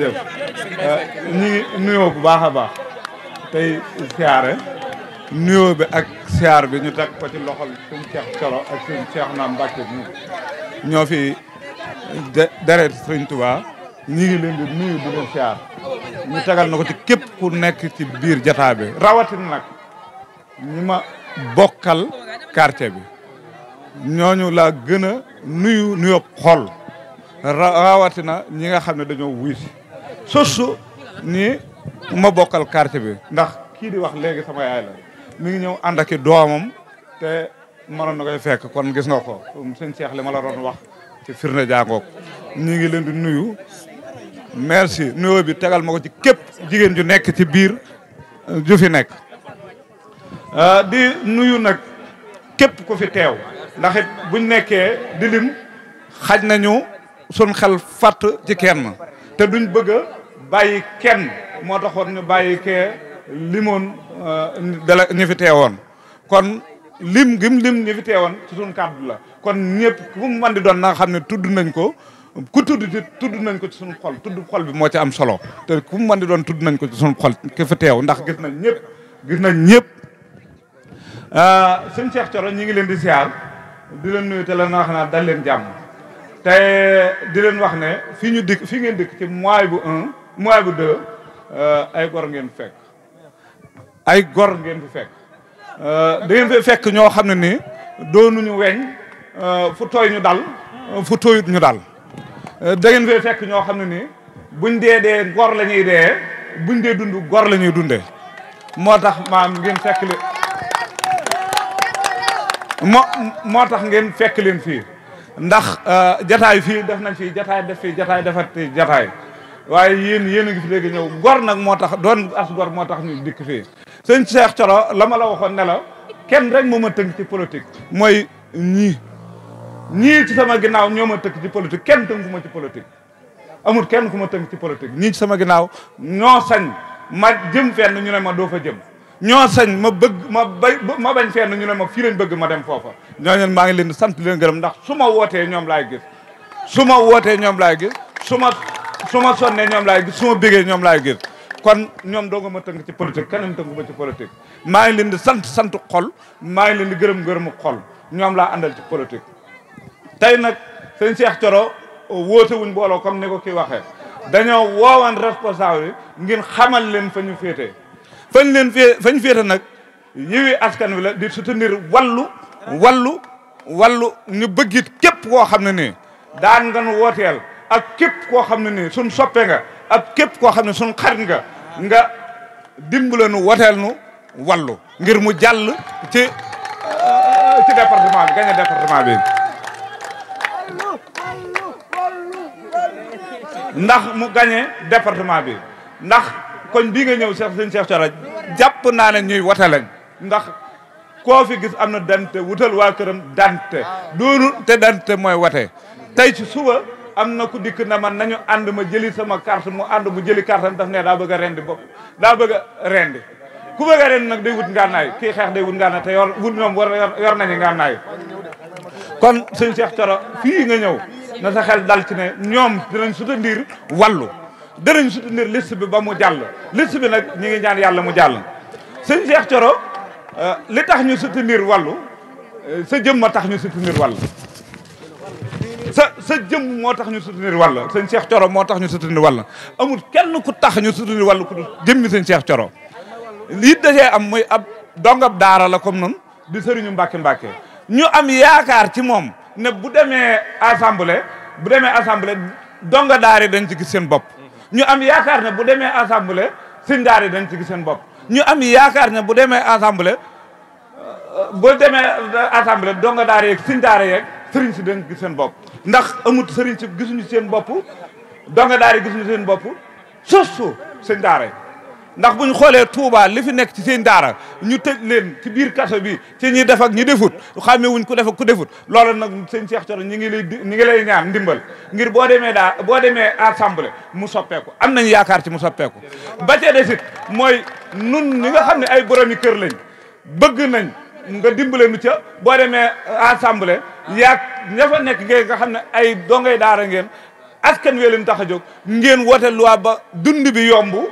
Euh, ñu ngi nuyoo bu baax a baax tey siyaare nuyoo bi ak siyaar bi ñu tag ko ci loxol suñ Cheikh Coro ak suñ Cheikh Naam Mbàkke bi ñoo fi deret Sëriñ Tuubaa ñu ngi leen di nuyu di leen siyaar ñu tegal na ko ci képp ku nekk ci biir jataa bi rawatin nag ñi ma bokkal quartier bi ñooñu laa gën a nuyu nuyoo xool rawatina ñi nga xam ne dañoo wuy sosu ni ma bokkal quartier bi ndax kii di wax léegi sama yaay la mi ngi ñëw ànd ak doomam te mënoon na koy fekk kon gis nga ko sëñ Cheikh li ma la doon wax ci firnde jàngoog ñu ngi leen di nuyu merci nuyoo bi tegal ma ko ci képp jigéen ju nekk ci biir ju fi nekk euh, di nuyu nag képp ku fi teew ndaxit buñ nekkee di lim na nañu sun xel fàtt ci kenn te duñ bëgg bàyyi kenn moo taxoon ñu bàyyi kee limoon euh, dala ñu fi teewoon kon lim gim lim ñu fi teewoon ci suñ kàddu la kon ñëpp ku mu mën di doon naa xam ne tudd nañ ko ku tudd ti tudd nañ ko ci suñu xol tudd xol bi moo ci am solo te ku mu mën di doon tudd nañ ko ci sun xol ki fi teew ndax gis nañ ñëpp gis nañ ñëpp euh, sëñ Cheikh Thioro ñi ngi leen di siyaar di leen nuyu te leen wax naa dal leen jàmm te di leen wax ne fii ñu dikk fii ngeen dikk ci mois bu un mois bu deux euh, ay gor ngeen fekk ay gor ngeen fi fekk euh, da ngeen fekk ñoo xam ne nii ni ñu weñ euh, fu tooy ñu dal fu tooyut ñu dal da fee fekk ñoo xam ne nii buñ dee dee gor lañuy ñuy dee buñ dee dund gor lañuy dundee moo tax maam ngeen fekk leen moo moo tax ngeen fekk leen fii ndax jataay fii def nañ fii jataay def fii jataay defat fii jataay waaye yéen yéen a ngi fi léegi ñëw gor nag moo tax doon as gor moo tax ñu dikk fii sëñ Cheikh Thioro la ma la waxoon ne la kenn rek moom a tënk ci politique mooy ñii ñii ci sama ginnaaw ñoo ma tënk ci politique kenn tënku ma ci politique amul kenn ku ma ci politique ñii ci sama ginnaaw ñoo sañ ma jëm fenn ñu ne ma doo fa jëm ñoo sañ ma bëgg ma bay ma bañ fenn ñu ne ma fii leen bëgg ma dem foofa ñooñu maa ngi leen di sant leen gërëm ndax su ma wootee ñoom laay gis su ma wootee ñoom laay gis su ma su ma sonnee ñoom laay gis su ma bégee ñoom laay gis kon ñoom doo nga ma tënk ci politique keneen tënku ma ci politique maa ngi leen di sant santu xol maa ngi leen di gërëm gërëmu xol ñoom laa àndal ci politique tey nag sëñ Cheikh Thioro wóote wuñ booloo comme ni ko kii waxee dañoo woowan responsable yi xamal leen fa ñu féete fañ leen fee fañ féete nag yiwi askan wi la di soutenir wallu wallu wallu ñu bëggit képp koo xam ne nii daan nga nu wooteel ak képp koo xam ne nii suñ soppe nga ak képp koo xam ne suñ xarit nga nga dimbale nu woteel nu wallu ngir mu jàll ci ci département bi gañe département bi ndax mu gañe département bi ndax koñ bii nga ñëw Cheikh sëñ Cheikh Thioro jàpp naa ne ñuy wote lañ ndax koo fi gis am na dante wutal waa këram dante doonu te dante mooy wote tey ci suba am na ku dikk na man nañu ànd ma jëli sama carte mu ànd mu jëli carte am daf ne daa bëgg a rendi bopp daa bëgg a rendi ku bëgg a rendi nag day wut ngànnaay kii xeex day wut ngànnaay te yor wut ñoom war yor nañu ngànnaay kon sëñ Cheikh Thioro fii nga ñëw na sa xel dal ci ne ñoom dinañ soutenir wàllu danañ soutenir liste bi ba mu jàll liste bi nag ñi ngi ñaan yàlla mu jàll sëñ Cheikh Thioro euh, li tax ñu soutenir wàllu euh, sa jëmma tax ñu soutenir wàllu sa sa jëmm moo tax ñu soutenir wàll sëñ Cheikh Thioro moo tax ñu soutenir wàll amul kenn ku tax ñu soutenir wàll ku jëmmi sëñ Cheikh Thioro lii dajee am muy ab dongab daara la comme noonu di sëriñu Mbàkke Mbàkke ñu am yaakaar ci moom ne bu demee assemblée bu demee assemblée donga daari dañ ci gis seen bopp ñu am yaakaar ne bu demee assemblée sëñ daari dañ ci gis seen bopp ñu am yaakaar ne bu demee assemblée bu demee assemblée donga daari yeeg sëñ daari yeeg sëriñ si dañ ci seen bopp ndax amut sëriñ si gisuñu seen bopp donga daara gisuñu seen bopp sostu seen daara ndax bu ñu xoolee Touba li fi nekk ci seen daara ñu tëj leen ci biir kaso bi ci ñi def ak ñi defut xàmme wuñ ku def ku defut loolu nag sëñ Cheikh Thioro ñi ngi lay ñi ngi lay ñaan ndimbal ngir boo demee daa boo demee assemblée mu soppeeku am nañ yaakaar ci mu soppeeku ba ca desit mooy nun ñi nga xam ne ay boromi kër lañ bëgg nañ nga dimbale nu ca boo demee assemblée yaag ña nekk ngeen nga xam ne ay dongay daara ngeen askan wi leen tax a jóg ngeen wote loi ba dund bi yombu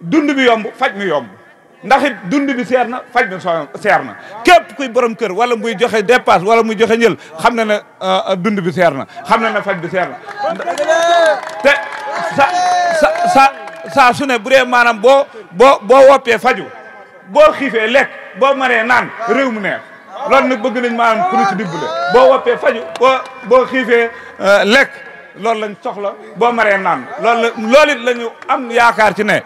dund bi yomb faj mi yomb ndax it dund bi seer na faj mi seer na képp kuy borom kër wala muy joxe dépasse wala muy joxe njël xam na ne euh, euh, dund bi seer na xam na ne faj bi seer na te sa sa sa saa su ne bu dee maanaam boo boo boo woppee faju boo xiifee lekk boo maree naan réew mu neex loolu nag bëgg nañ maanaam ku ñu ci dimbale boo woppee faju boo boo xiifee euh, lekk loolu lañ soxla boo maree naan lool la loolit it la ñu am yaakaar ci ne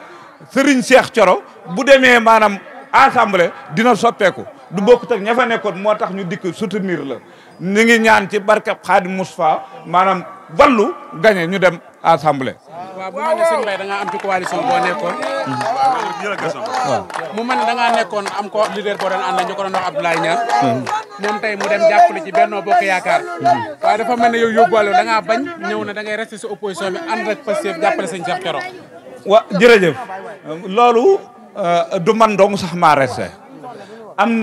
Serigne Cheikh coro bu demee maanaam assemblée dina soppeeku du bokkut ak ña fa nekkoon moo tax ñu dikk soutenir la ñu ngi ñaan ci barkab Xaadim Moustapha maanaam wallu gañe ñu dem assemblée. waaw bu mel ne sëñ Mbaye da ngaa am ci coalition boo nekkoon. Mm-hmm. mu mel ne nekkoon am ko leader boo doon ànd ñu ko doon wax Abdoulaye Niang. Mm-hmm. moom tey mu dem jàppale ci Benno Bokk Yaakaar. Mm-hmm. waaye dafa mel ne yow yóbbuwaale da ngaa bañ ñëw na da ngay rester si opposition bi ànd ak Pastef jàppale sëñ Cheikh Thioro. jërëjëf. loolu euh, du man dong sax na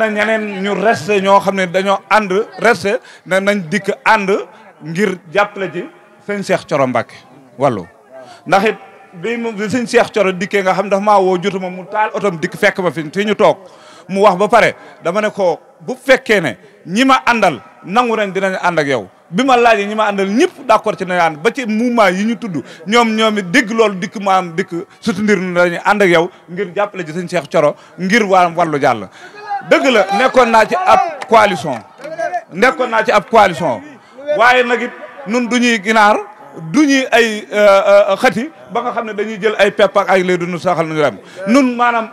ñeneen ñu ñoo xam ne dañoo ànd resté ne nañ dikk ànd ngir jàppale ji sëñ Cheikh Thioro Mbacké wallu ndax it bi mu bi suñ seex coro dikkee nga xam dafa ma woo ma mu taal otom dikk fekk ma fi fi ñu toog mu wax ba pare dama ne ko bu fekkee ne ñi ma àndal nangu nañ dinañ ànd ak yow bi ma laajee ñi ma àndal ñëpp d'accord ci nañ ànd ba ci mouvement yi ñu tudd ñoom ñoom it dégg dikk ma am dikk soutenir nu dañuy ànd ak yow ngir jàppale ci suñ seex coro ngir waa wàllu jàll dëgg la nekkoon naa ci ab coalition nekkoon naa ci ab coalition waaye nag nun du ginaar duñuy ay euh, euh, xati ba nga xam ne dañuy jël ay pepp ak ay lay dunu saxal nañu ram nun maanaam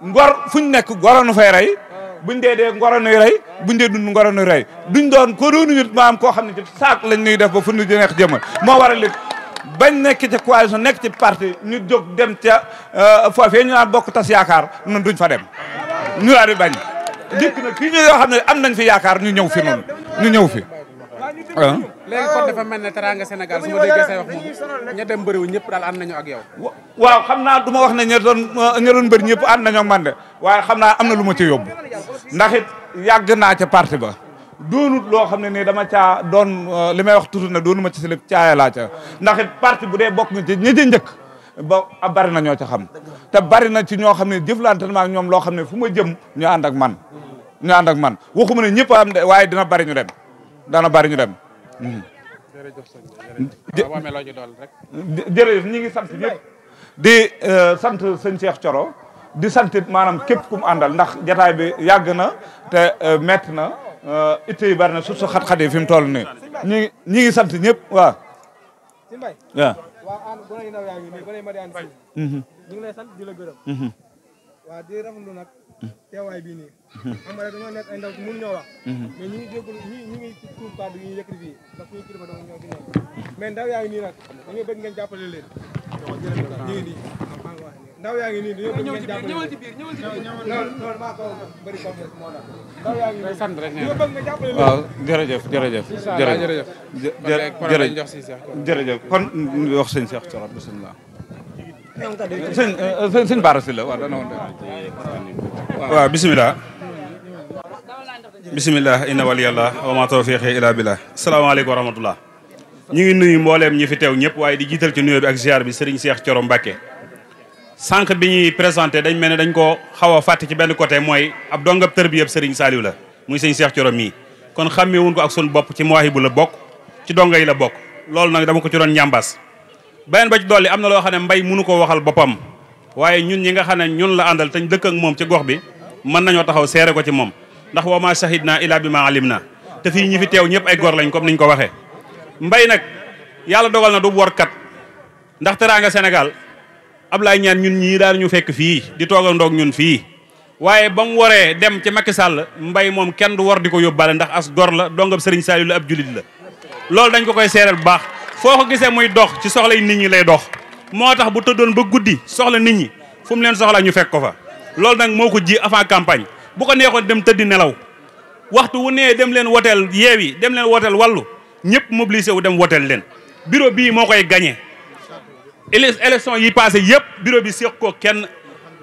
ngor fuñ nekk goronu fay rey bu buñ dee dee ngoronuy rey buñ dee dund ngoronuy rey ñu doon ko doonu nit maanaam koo xam ne ci saak lañ ñuy def ba fu ñu neex jëma moo war a it bañ nekk ci coalition nekk ci parti ñu jóg dem ca euh, foofee ñu naan bokk tas yaakaar nun duñ fa dem ñu daal di bañ dikk na kii ñi yoo xam ne am nañ fi yaakaar ñu ñëw fi noonu ñu ah. léegi kon dafa mel ne teranga Sénégal su ma déggee say wax moom ña dem bëriwul ñëpp daal ànd nañu ak yow. waaw xam naa du ma wax ne ña doon ña doon bëri ñëpp ànd nañu man de waaye xam naa am na lu ma ci yóbbu ndax it yàgg naa ca parti ba. doonut loo xam ne nii dama caa doon euh, li may wax toujours ne doonu ma ci si lépp caaya laa ca ndax parti bu dee bokk na ci ñi njëkk ba bari na ca xam te bari na ci ñoo xam ne jëflante na ak ñoom loo xam ne fu ma jëm ñu ànd man ñu ànd ak man waxuma ne ñëpp am de waaye dina bari ñu dem dana bari ñu dem. jërëjëf ñi ngi sant ñëpp di euh, sant sëñ Cheikh coro di santit maanaam képp kum àndal ndax jataay bi yàgg na te euh, métti na euh, itte yi bari na su xat-xat yi fi mu toll nii ñi ñi ngi sant ñëpp waaw waaw waaw mhm. lay sant di la gërëm mhm. teewaay bii nii xam nga rek dañoo nekk ay ndaw si mënuñoo wax mais ñu ngi jégalu ñu ñu ngi ci tuub kàddu yi ñu yëkkati fii ndax suñu kilifa dafa ñoo fi nekk mais ndaw yaa ngi nii nag dañoo bëgg ngeen jàppale leen ñu ngi nii ndaw yaa ngi nii dañoo bëgg ngeen jàppale ñëwal ci biir ñëwal ci biir loolu maa ko bëri complexe moo tax ndaw yaa ngi nii sant rek dañoo bëgg nga jàppale leen waaw jërëjëf jërëjëf jërëjëf jërëjëf kon wax sëñ Cheikh Thioro bismillah sëñ sëñ Bara Sylla waaw dana woon waaw bisimilah bisimilah inna wali yàlla wa ma tawfiqi ila billah salaamaaleykum wa rahmatullah ñu ngi nuyu mbooleem ñi fi teew ñëpp waaye di jiital ci nuyoo bi ak ziar bi Serigne seex Thioro Mbacké sanq bi ñuy présenté dañ mel ne dañ ko xaw a fàtte ci benn côté mooy ab dongab tër bi yëpp Serigne Saliou la muy sëñ seex Thioro mii kon xàmmee wuñ ko ak sun bopp ci Mawahibou la bokk ci donga yi la bokk loolu nag dama ko ci doon ñambaas beneen ba ci dolli am na ne mbay mënu koo waxal boppam waaye ñun ñi nga xam ne ñun la àndal te ñu dëkk ak moom ci gox bi mën nañoo taxaw seere ko ci moom ndax wa ma shahid naa ilaa bi ma alim naa te fii ñi fi teew ñëpp ay góor lañ comme niñ ko waxee mbay nag yàlla dogal na du workat ndax teraanga ab Ablaye ñaan ñun ñii daan ñu fekk fii di toog ndoog ñun fii waaye ba mu woree dem ci Macky Sall mbay moom kenn du war di ko yóbbaale ndax as gor la dongam Serigne Saliou la ab julit la foo ko gisee muy dox ci soxla yi nit ñi lay dox moo tax bu tëddoon ba guddi soxla nit ñi fu leen soxla ñu fekk ko fa loolu nag moo ko ji avant campagne bu ko neexoon dem tëddi nelaw waxtu wu nee dem leen woteel yeewi dem leen woteel wàllu ñëpp mobilisé wu dem woteel leen biro bii moo koy gañe gagné élection yi passé yëpp biro bi séq ko kenn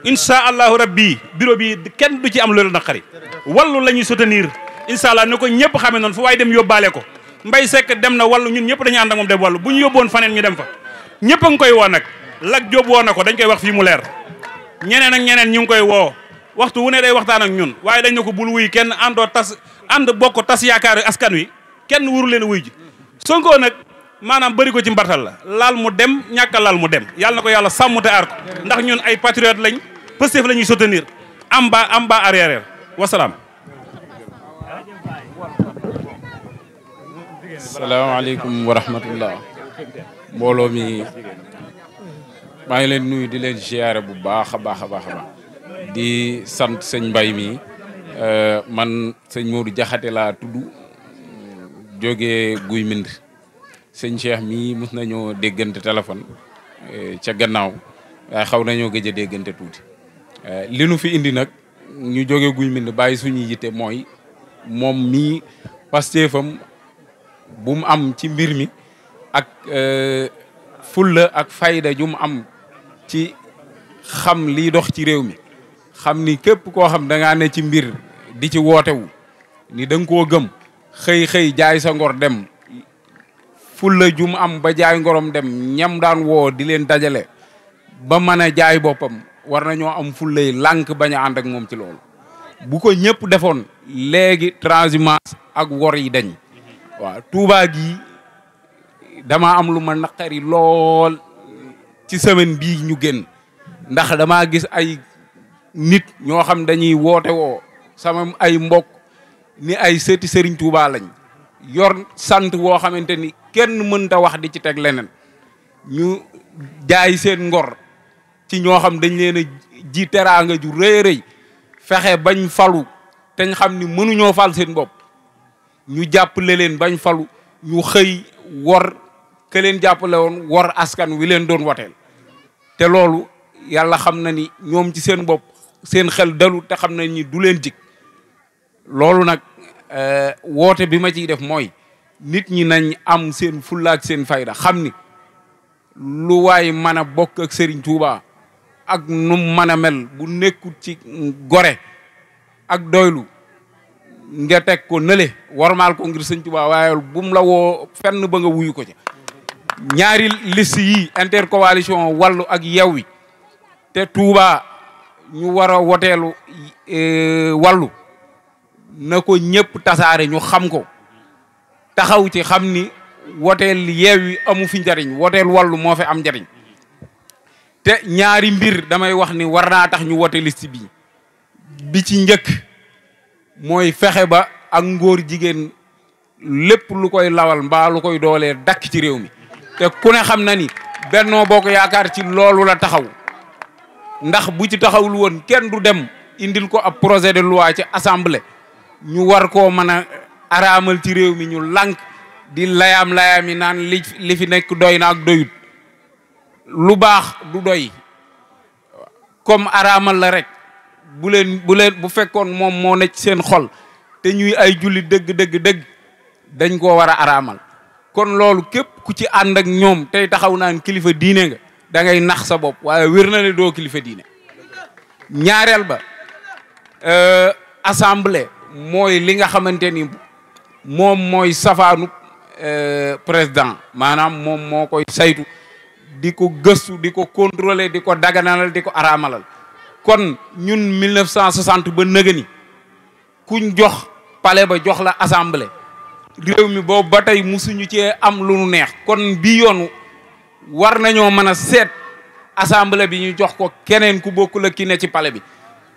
incha allahu rabbi bureau bi kenn du ci am loolu naqari wàllu la ñuy soutenir incha allah ni ko ñëpp xamee noonu fu waaye dem yóbbaale ko Mbaye sekk dem na wàllu ñun ñëpp dañu ànd ak moom dem wàllu bu ñu yóbboon faneen ñu dem fa ñëpp a ngi koy woo nag lak jóob woo na ko dañ koy wax fii mu leer ñeneen ak ñeneen ñu ngi koy woo waxtu wu ne day waxtaan ak ñun waaye dañu na ko bul wuy kenn àndoo tas ànd bokk tas yaakaar askan wi kenn wuru leen wuy ji Sonko nag maanaam bëri ko ci mbartal la laal mu dem ñàkka laal mu dem yàlla na ko yàlla sàmm ar aar ko ndax ñun ay patriote lañ Pastef la ñuy soutenir am ba am ba arrière salaamaaleykum wa rahmatullah mbooloo mi maa ngi leen nuyu di leen ziare bu baax a baax a baax di sant sëñ mbay mi euh, man sëñ Modou Jaxate laa joge guy mbind sëñ Cheikh mii mos nañoo déggante téléphone euh, ca gannaaw waaye xaw nañoo gëj a déggante tuuti euh, li fi indi nag ñu jógee guy mbind bàyyi suñu yitte mooy moom mii pastéefam bu am ci mbir mi ak euh, fulla ak fayda ju mu am ci xam liy dox ci réew mi xam ni képp koo xam da ngaa ne ci mbir di ci wootewu ni dang nga koo gëm xëy xëy jaay sa ngor dem fulla ju mu am ba jaay ngorom dem ñam daan woo di leen dajale ba mën a jaay boppam war nañoo am fullay lànk bañ a ànd ak moom ci lool bu ko ñëpp defoon léegi transhumance ak wor yi dañ waaw Touba gi damaa am lu ma naqari lool ci semaine bii ñu génn ndax dama gis ay nit ñoo xam dañuy woote woo sama ay mbokk ni ay sëti sëriñ Touba lañ yor sant woo xamante ni kenn mënta wax di ci teg leneen ñu jaay seen ngor ci ñoo xam dañ leen a ji teraanga ju rëy rëy fexe bañ falu ten xam ni mënuñoo fal seen bopp ñu jàppale leen bañ falu ñu xëy wor ke leen jàppale woon wor askan wi leen doon wateel te loolu yàlla xam na ni ñoom ci seen bopp seen xel dalu te xam na ni du leen jig loolu nag euh, woote bi ma ciy def mooy nit ñi nañ am seen fullaak seen fayda xam ni lu waay mën a bokk ak Serigne Touba ak nu mën a mel bu nekkul ci gore ak doylu nga teg ko nële warmaal ko ngir sëñ Tuubaa waaye bu mu la woo fenn ba nga wuyu ko ci ñaari liste yi intercoalition wàllu ak Yewwi te Touba ñu war a woteelu e, wàllu na ko ñëpp tasaare ñu xam ko taxaw ci xam ni woteel Yewwi amu fi njariñ woteel wàllu moo fi am njariñ te ñaari mbir damay wax ni war naa tax ñu wote liste bi bi ci njëkk mooy fexe ba ak ngóor jigéen lépp lu koy lawal mbaa lu koy doolee dakk ci réew mi te ku ne xam na ni Benno Bokk Yaakaar ci loolu la taxaw ndax bu ci taxawul woon kenn du dem indil ko ab projet de loi ci assemblé ñu war koo mën a araamal ci réew mi ñu lank di layaam layaam yi naan fi nekk doy na ak doyut lu baax du doy comme aramal la rek bu leen bu fekkoon moom moo ne ci seen xol te ñuy ay julli dëgg dëgg dëgg dañ koo war a araamal kon loolu képp ku ci ànd ak ñoom tey taxaw naan kilifa diine nga da ngay nax sa bopp waaye wér na ne doo kilifa diine ñaareel ba euh, assemblée mooy li nga xamante ni moom mooy safaanu euh, président maanaam moom moo koy saytu di ko gëstu di ko contrôler di ko daganalal di ko araamalal kon ñun 1960 ba nëgëni kuñ jox pale ba jox la assemblée. réew mi boobu ba tey musuñu cee am lu nu neex kon bi yoon war nañoo mën a seet assemblée bi ñu jox ko keneen ku bokkul ak ki ne ci pale bi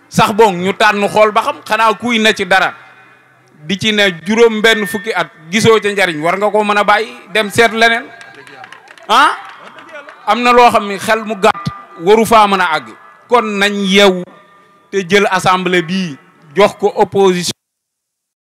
sax boog ñu tànn xool ba xam xanaa kuy ne ci dara di ci ne juróom benn fukki at gisoo ca njariñ war nga ko mën a bàyyi dem seet leneen ah am na loo xam ne xel mu gàtt waru faa mën a àgg kon nañ yew te jël assemblée bi jox ko opposition